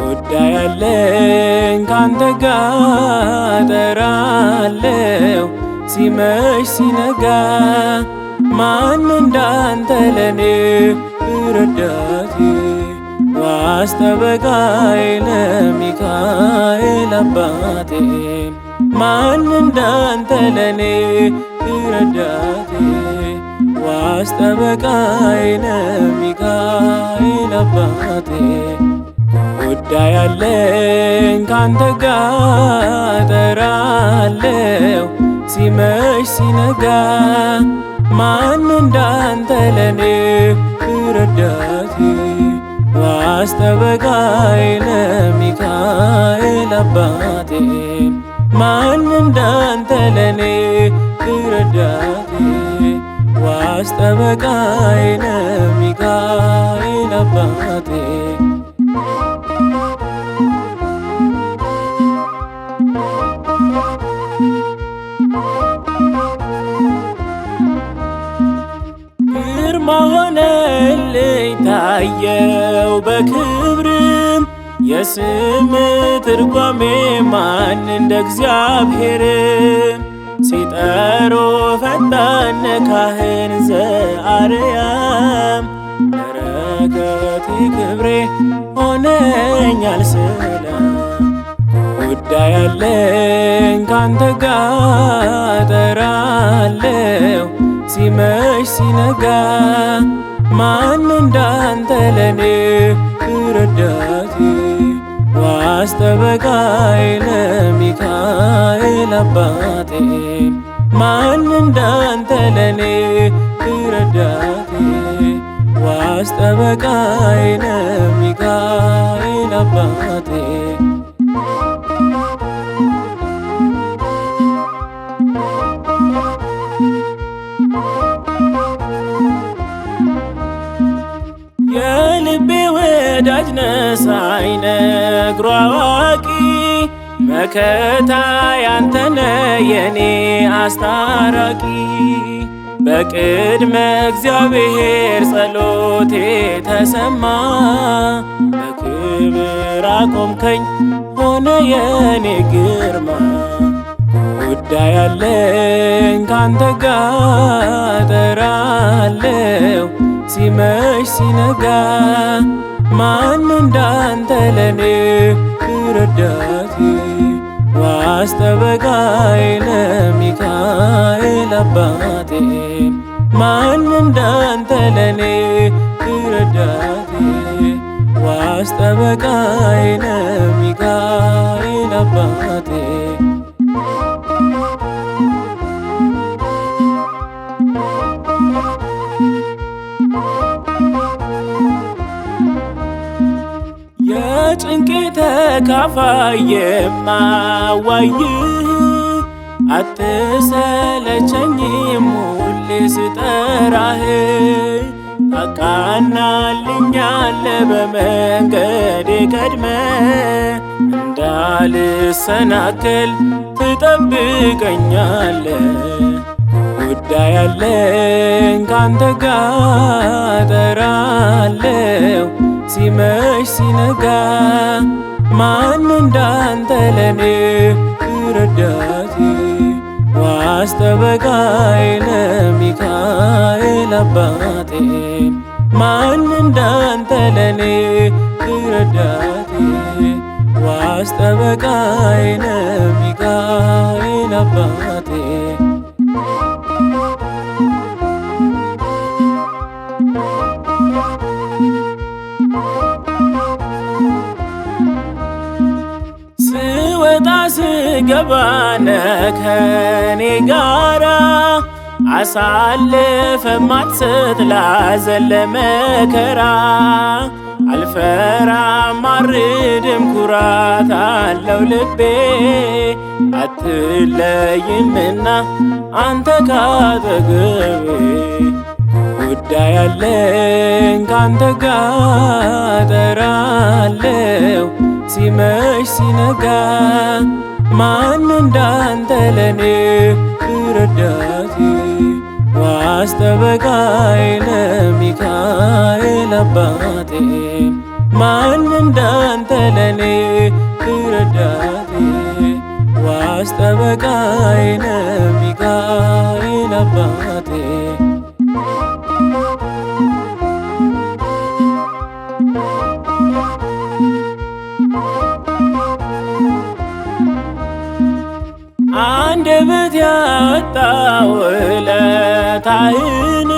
ጉዳይ አለኝ ካንተ ጋር ጠራለው ሲመሽ ሲነጋ ማን እንዳንተ ለኔ ረዳቴ ማስጠበቃዬ ለሚካኤል አባቴ ማንም እንዳንተ ለኔ ረዳቴ ማስጠበቃዬ ለሚካኤል አባቴ ጉዳይ አለኝ ካንተ ጋር እጠራለሁ ሲመሽ ሲነጋ ማን እንዳንተ ለኔ ረዳቴ ማስጠበቃዬ ለሚካኤል አባቴ ማንም እንዳንተ ለኔ ክረዳቴ ዋስጠበቃዬ ለሚካኤል አባቴ አየው በክብርም የስም ትርጓሜ ማን እንደ እግዚአብሔር ሲጠሮ ፈጣን ካህን ዘአርያም በረከቴ ክብሬ ሆነኛል ስለ ጉዳይ ያለኝ ካንተ ጋር ጠራለው ሲመሽ ሲነጋ ማን እንዳንተ ለኔ ረዳቴ ዋስ ጠበቃዬ ለሚካኤል አባቴ ማን እንዳንተ ለኔ ረዳቴ ዋስ ጠበቃዬ ለሚካኤል አባቴ ወዳጅ ነሳኝ ነግሮ አዋቂ መከታ ያንተነ የኔ አስታራቂ በቅድመ እግዚአብሔር ጸሎቴ ተሰማ በክብር አቆምከኝ ሆነ የኔ ግርማ ጉዳይ አለኝ ካንተ ጋር ጠራለው ሲመሽ ሲነጋ ማን እንዳንተ ለኔ ረዳቴ ዋስ ጠበቃዬ ለሚካኤል አባቴ ማን እንዳንተ ለኔ ረዳቴ ዋስ ጠበቃዬ ጭንቄ ተካፋይ የማዋይህ አትሰለቸኝም ሁሌ ስጠራህ ታቃናልኛለ በመንገዴ ቀድመ እንዳልሰናከል ትጠብቀኛለ ጉዳይ አለኝ ካንተ ጋር እጠራለሁ ሲነጋ ማን እንዳንተ ለኔ ረዳቴ ዋስ ጠበቃዬ ሚካኤል አባቴ ማን እንዳንተ ለኔ ረዳቴ ዋስ ጠበቃዬ ሚካኤል አባቴ ገባነ ከኔ ጋራ አሳልፈ ማትሰጥ ላዘን ለመከራ አልፈራ ማርድም ኩራት አለው ልቤ አትለይምና አንተ ካጠገቤ ጉዳይ አለኝ ካንተ ጋጠራለው ሲመሽ ሲነጋ ማን እንዳንተ ለኔ ረዳቴ ዋስ ጠበቃዬ ለሚካኤል አባቴ ማን እንዳንተ ለኔ ረዳቴ ዋስ ጠበቃዬ ለሚካኤል አባቴ በሕይወት ያወጣው ለታይን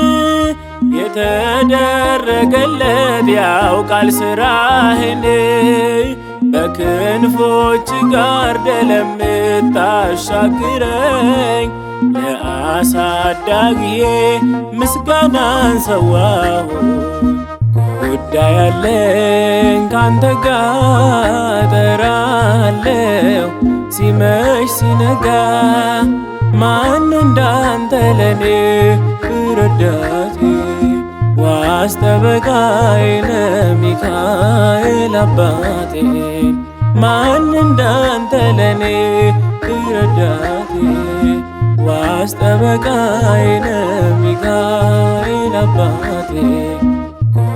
የተደረገለት ያውቃል ስራህን በክንፎች ጋርደ ለምታሻግረኝ ለአሳዳጊዬ ምስጋናን ሰዋሁ። ጉዳይ አለኝ ካንተ ጋር እጠራለሁ ሲመሽ ሲነጋ ማን እንዳንተ ለኔ ረዳቴ ዋስ ጠበቃዬ ሚካኤል አባቴ ማን እንዳንተ ለኔ ረዳቴ ዋስ ጠበቃዬ አባቴ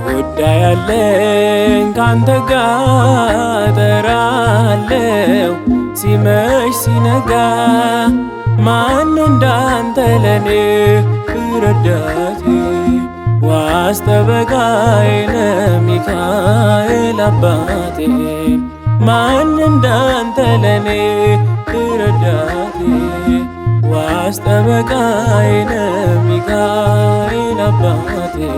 ጉዳይ አለኝ ካንተ ጋ እጠራለሁ ሲመሽ ሲነጋ ማን እንዳንተ ለኔ ረዳቴ ዋስ ጠበቃዬ ሚካኤል አባቴ ማን እንዳንተ ለኔ ረዳቴ ዋስ ጠበቃዬ ሚካኤል አባቴ